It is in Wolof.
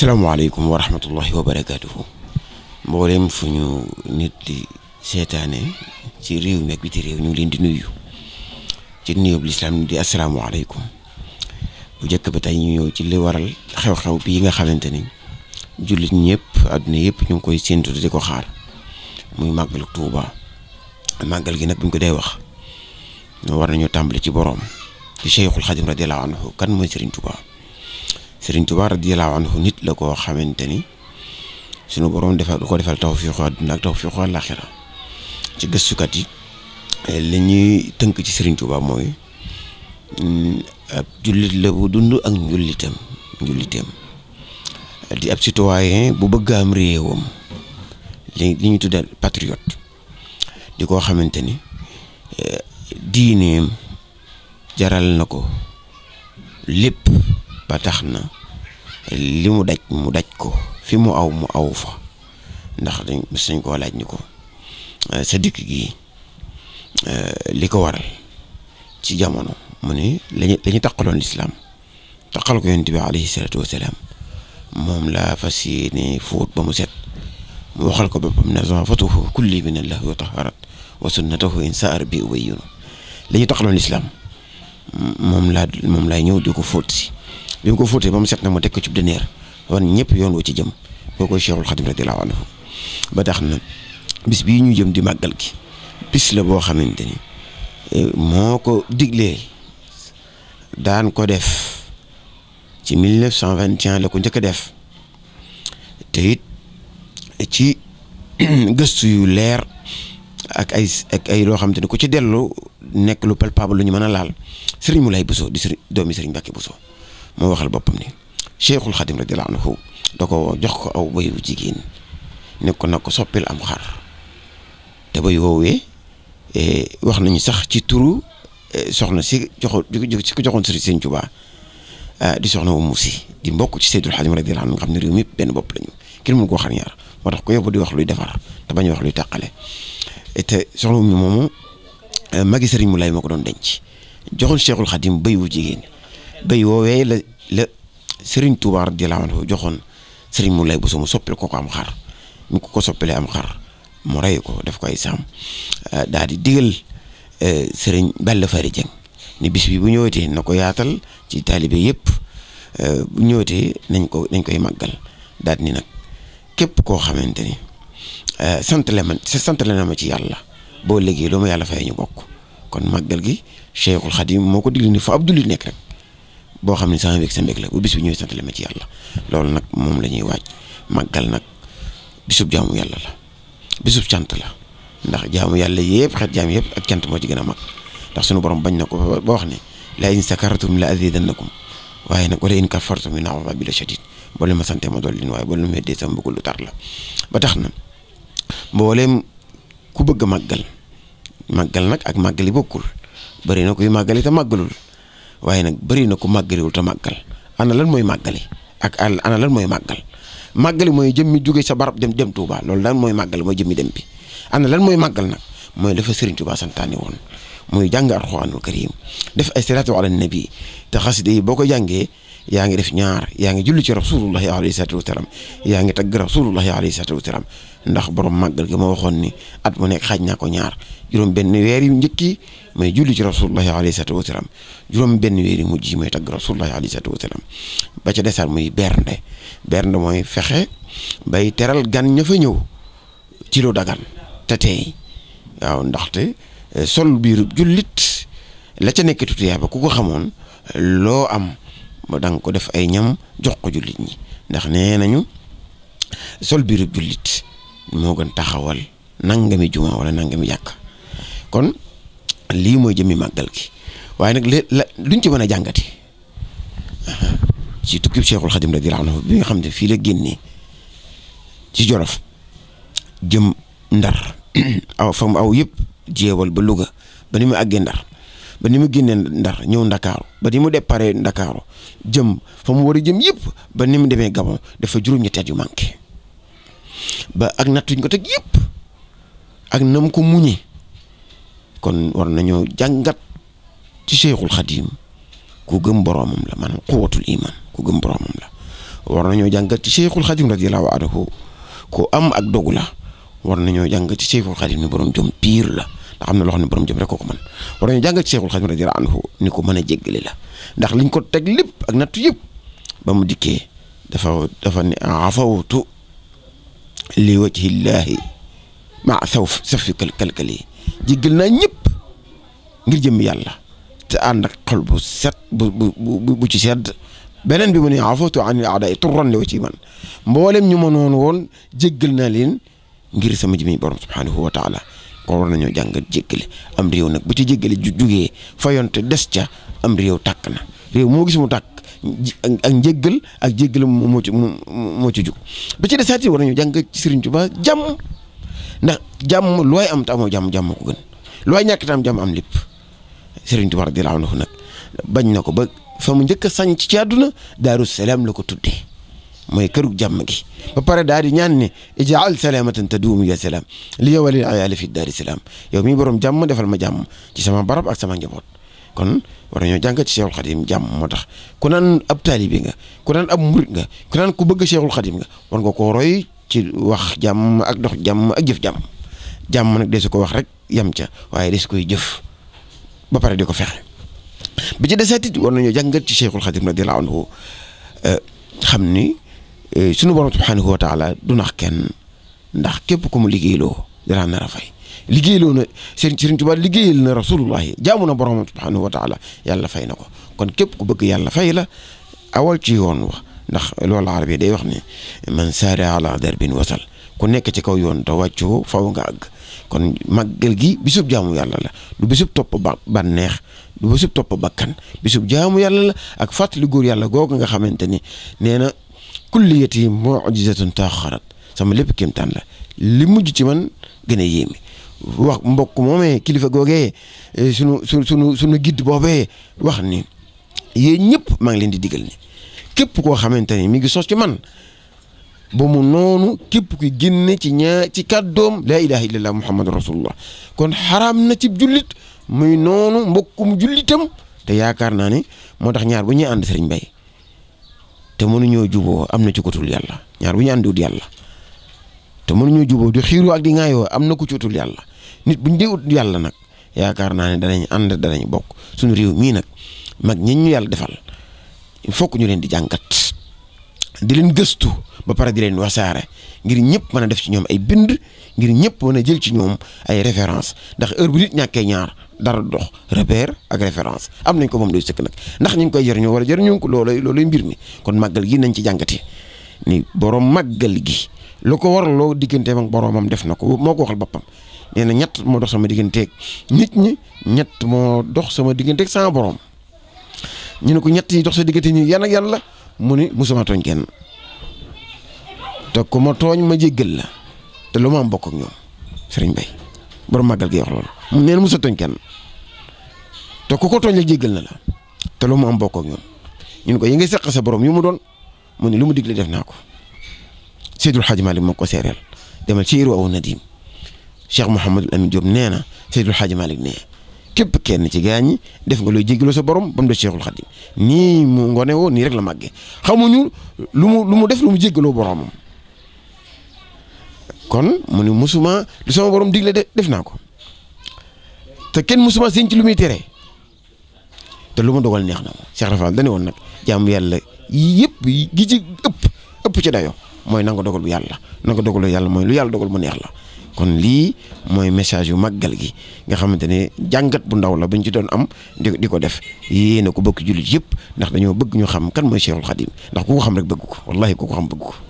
salaamaaleykum wa rahmatullahi wa barakaatuhu mboolem fu ñu nit di seetaane ci réew mi ak biti réew ñu ngi leen di nuyu ci nuyoob lislaam di asalaamaaleykum bu njëkk ba tey ñu ñëw ci li waral xew-xew bii nga xamante ni jullit ñëpp àdduna yëpp ñu ngi koy séentu di ko xaar muy màggal Tuuba màggal gi nag buñ ko dee wax war nañoo tàmbali ci boroom ci Cheikhul Xadim radiyallahu anhu kan mooy Serigne Touba. Sëriñ Tuubaa radiyallaahu anhu nit la koo xamante ni sunu borom defal lu ko defal tawfiixu àdduna ak tawfiixu àllaaxira ci gëstukat yi eh, li ñuy tënk ci Sëriñ Tuubaa mooy mm, ab jullit la bu dund ak njullitam njulliteem di ab citoyen bu bëgg am réewam li li ñu tuddal patriote di koo xamante ni eh, diineem jaral na ko lépp ba tax na li mu daj mu daj ko fi mu aw mu aw fa ndax dañ mës nañ koo laaj ni ko euh, sa dikk gi euh, li ko waral ci jamono mu ni lañu la ñu ko lislaam taqal ko yonent bi alayhi salaatu wasalaam moom laa fas yéene fóot ba mu set mu waxal ko boppam ne zaafatuhu kulli min allah wa taharat wa sunnatahu in saar bi ubayyinu la ñu taqaloon lislaam moom laa moom laay ñëw ko fóot si bi mu ko fóotee ba mu set na mu teg ko ci dëneer wan ñëpp yoon woo ci jëm kooku Cheikhul Khadim radiyallahu anhu ba tax na bis bii ñuy jëm di màggal gi bis la boo xamante ni eh, moo ko diglee daan ko def ci 1921 la ko njëkk a def te it ci gëstu yu leer ak ay ak ay loo xamante ni ku ci dellu nekk lu palpable lu ñu mën a laal Serigne Moulay Bousso di Serigne doomi Serigne Mbacké Bousso moo waxal boppam ni cheikhul xadim radiyallahu anhu da ko jox ko aw béy jigéen ne ko nag ko soppil am xar te bay woowee e, wax nañu sax ci turu e, soxna si joxo si ko joxoon sëriñ Sëriñ Tuubaa e, di soxna wu si di mbokk ci Seydul Xadim radiyallahu anhu nga xam ne réew mi yëpp benn bopp lañu kenn mënu koo xar ñaar moo tax ko yóbbu di wax luy defar te bañ wax luy tàqale te soxna wu mi moomu magi sëriñ mu lay moo ko doon denc joxoon cheikhul xadim béy bu jigéen doy woowee la la Serigne Touba radiyallahu anhu joxoon Serigne Moulay Bousso mu soppil ko ko am xar mu ko ko soppilee am xar mu rey ko def ko ay saam ah, daal di digal eh, Serigne Balla Fari Dieng ne bis bi bu ñëwatee na ko yaatal ci taalibe yépp eh, bu ñëwatee nañ ko nañ koy màggal daal ni nag képp koo xamante ni eh, sant la ma sant la na ma ci yàlla boo léegi loo yàlla fay ñu bokk kon màggal gi Cheikhul Khadim moo ko digli ni fa Abdoulaye nekk rek. boo xam ne sa mbég sa mbég la bu bis bi ñëwee sant la ma ci yàlla loolu nag moom la ñuy waaj màggal nag bisub jaamu yàlla la bisub cant la ndax jaamu yàlla yëpp xeet jaam yëpp ak cant moo ci gën a mag ndax sunu borom bañ na ko ba wax ne la in sakartum la azidannakum waaye nag wala in kafartum inna azabi la shadid boole ma sante ma dolli waaye boole ma weddee sama bëggul lu tar la ba tax na mbooleem ku bëgg a màggal màggal nag ak màggali bokkul bëri na kuy màggali te màggalul waaye nag bari na ko màggaliwul te màggal ana lan mooy màggali ak al ana lan mooy màggal màggali mooy jëm mi jóge sa barab dem dem tuubaa loolu lan mooy màggal mooy jëmmi dem bi ana lan mooy màggal nag mooy dafa Serigne Touba santaane woon mooy jàng alxuraanul karim def ay salaatu ala nabi te xasida yi boo ko jàngee. yaa ngi def ñaar yaa ngi julli ci rasulullahi alayhi salaatu wasalaam yaa ngi tagg rasulullahi alayhi salaatu wasalaam ndax borom màggal gi ma waxoon ni at mu nekk xaaj naa ko ñaar juróom benn weer yu njëkk yi may julli ci rasulullahi alayhi salaatu wasalaam juróom benn weer yu mujj yi may tagg rasulullahi alayhi salaatu wasalaam ba ca desaat muy bernde bernde mooy fexe bay teral gan ña fa ñëw te tey waaw eh, sol biirub jullit la ca nekk tuuti yaaba ku ko xamoon loo am ma danga ko def ay ñam jox ko jullit ñi ndax nee nañu sol biiru jullit moo gën taxawal nangami juma wala nangami yàq kon lii mooy jëmi màggal gi waaye nag li la luñ ci mën a jàngati ci tukkib Cheikhul Xadim radiyallahu anhu bi nga xam ne fii la génnee ci Jolof jëm Ndar aw fam aw yëpp jeewal ba Louga ba ni mu àggee Ndar ba ni mu génnee ndar ñëw ndakaaru ba ni mu déparé ndakaaru jëm fa mu war a jëm yëpp ba ni mu demee Gabon dafa juróom-ñetti at yu manqué ba ak nattuñ ko teg yëpp ak nam ko muñe kon war nañoo jàngat ci Cheikhul Khadim ku gëm boroomam la maanaam quwatul iman ku gëm la war nañoo jàngat ci Cheikhul Khadim radiyallahu anhu am ak dogu la war nañoo jàng ci Cheikhul Khadim ni borom jom piir la ndax na loo xam ne borom jëm rek ko ko mën war nañu jàngal ci Seexul anhu ni ko mën a jéggale la ndax liñ ko teg lépp ak natt yëpp ba mu dikkee dafa dafa ne afawtu li wajhillaahi ma saw saf fi kalkal yi jéggal ñëpp ngir jëm yàlla te ànd ak xol bu set bu bu bu ci sedd beneen bi mu ne afawtu an aadaay turran li wa ci man mboolem ñu ma noonu woon jéggal naa leen ngir sama jëmi borom subhaanahu wa taala kon war nañoo jàngat jéggale am réew nag bu ci jéggale ju jugee fayonte des ca am réew tàkk na réew moo gis mu tàkk ak njéggal ak jéggal moo ci moo ci jug ba ci desaat yi war nañoo sëriñ ci Sëriñ Tuubaa jàmm ndax jàmm looy am te amoo jàmm jàmm ko gën looy ñàkk tam jam am lépp Sëriñ Tuubaa radiyallaahu anhu nag bañ na ko ba fa mu njëkk a sañ ci àdduna Daaru la ko tuddee mooy kërug jàmm gi ba pare daal di ñaan ni ijaal salamatan taduumu ya salaam li yow walil ayaali fi daari salaam yow mii borom jàmm defal ma jàmm ci sama barab ak sama njaboot kon war ñoo jàngat ci Cheikhul Khadim jàmm moo tax ku naan ab taalibi nga ku naan ab murit nga ku bëgg Cheikhul Khadim nga war nga koo ci wax jàmm ak dox jàmm ak jëf jàmm jàmm nag desu ko wax rek yam ca waaye des koy jëf ba pare di ko fexe bi ci deseet it jàngat ci Cheikhul Khadim radiyallahu anhu euh, xam ni. Eh, suñu borom subhaanahu wa taala du nax kenn ndax képp ku mu liggéeyloo danaa nar a fay liggéeyloo na sëriñ sëriñ Tuubaa liggéeyal na rasulullahi jaamu na borom subhaanahu wa taala yàlla fay na ko kon képp ku bëgg yàlla fay la awal ci yoon wax ndax loolu arab yi day wax ni man saara ala darbin wasal ku nekk ci kaw yoon ta wàccoo faw nga àgg kon mag màggal gi bisub jaamu yàlla la du bisub topp ba bànneex du bisub topp jaamu yàlla la ak fàttali góor yàlla googu nga xamante ni nee na kulliyati mu'jizatun taaxarat sama lépp la li mujj ci man gën a yéeme wax mbokk moomee kilifa googe eh, sunu su sunu sunu gidd boobee wax ni yéen ñëpp maa ngi leen di digal ni képp koo xamante ni mi ngi sos ci man ba mu noonu képp ku génne ci ñaa ci kàddoom laa ilaha illallah muhammadu rasulullah kon xaraam na ci jullit muy noonu mbokkum jullitam te yaakaar naa ni moo tax ñaar bu ñuy ànd sëriñ Bay te mënuñoo juboo am na ci kutul yàlla ñaar bu ñu àndiwut yàlla te mënuñoo juboo di xiiroo ak di ŋaayoo am na ku ci utul yàlla nit bu ñu yàlla nag yaakaar naa ne danañ ànd danañ bokk suñu réew mii nag mag ñiñ ñu yàlla defal il faut ñu leen di jàngat di leen gëstu ba pare di leen wasaare ngir ñëpp mën a def ci ñoom ay bind ngir ñëpp mën a jël ci ñoom ay référence ndax heure bu nit ñàkkee ñaar dara dox repère ak référence am nañ ko moom doy sëkk nag ndax ñu ngi koy jariñoo wala jariñoo ko loolay loolay mbir mi kon màggal gi nañ ci jàngate ni borom màggal gi lu ko warloo digganteem ak boromam def na ko moo ko waxal boppam na ñett moo dox sama digganteeg nit ñi ñett moo dox sama digganteeg sama borom ñu ne ko ñett yi dox sa diggante ñi yan ak yan la mu ni musuma tooñ kenn te ku ma tooñ ma jéggal la te lu ma am bokk ak ñoom sëriñ Bay borom màggal gi wax loolu mu neen mos a tooñ kenn te ku ko tooñ la jéggal na la te lu mu am bokk ak ñoom ñu ne ko yi ngay seq sa borom yu mu doon mu ne lu mu digle def naa ko Seydul Hadj Malick moo ko seereel demal ci Irwa Nadim Cheikh Mouhamadul Amin nee na Seydul Hadj Malick nee képp kenn ci gaa ñi def nga looy jéggaloo sa borom ba mu def Cheikhul Khadim nii mu ngone woo nii rek la màggee xamuñu lu mu lu mu def lu mu jéggaloo boromam. kon mu ne musuma lu sama borom digle de def naa ko te kenn musuma seen ci lu muy tere te lu mu dogal neex na ma Cheikh Rafal dañu woon nag jàmm yàlla yëpp gi ci ëpp ëpp ci dayo mooy nanga dogal bu yàlla nanga dogal yàlla mooy lu yàlla dogal mu neex la kon lii mooy message yu màggal gi nga xamante ne jàngat bu ndaw la buñ ci doon am di di ko def yéena ko bëgg jullit yëpp ndax dañoo bëgg ñu xam kan mooy Cheikhul Khadim ndax ku ko xam rek bëgg ko wallahi ku ko xam bëgg ko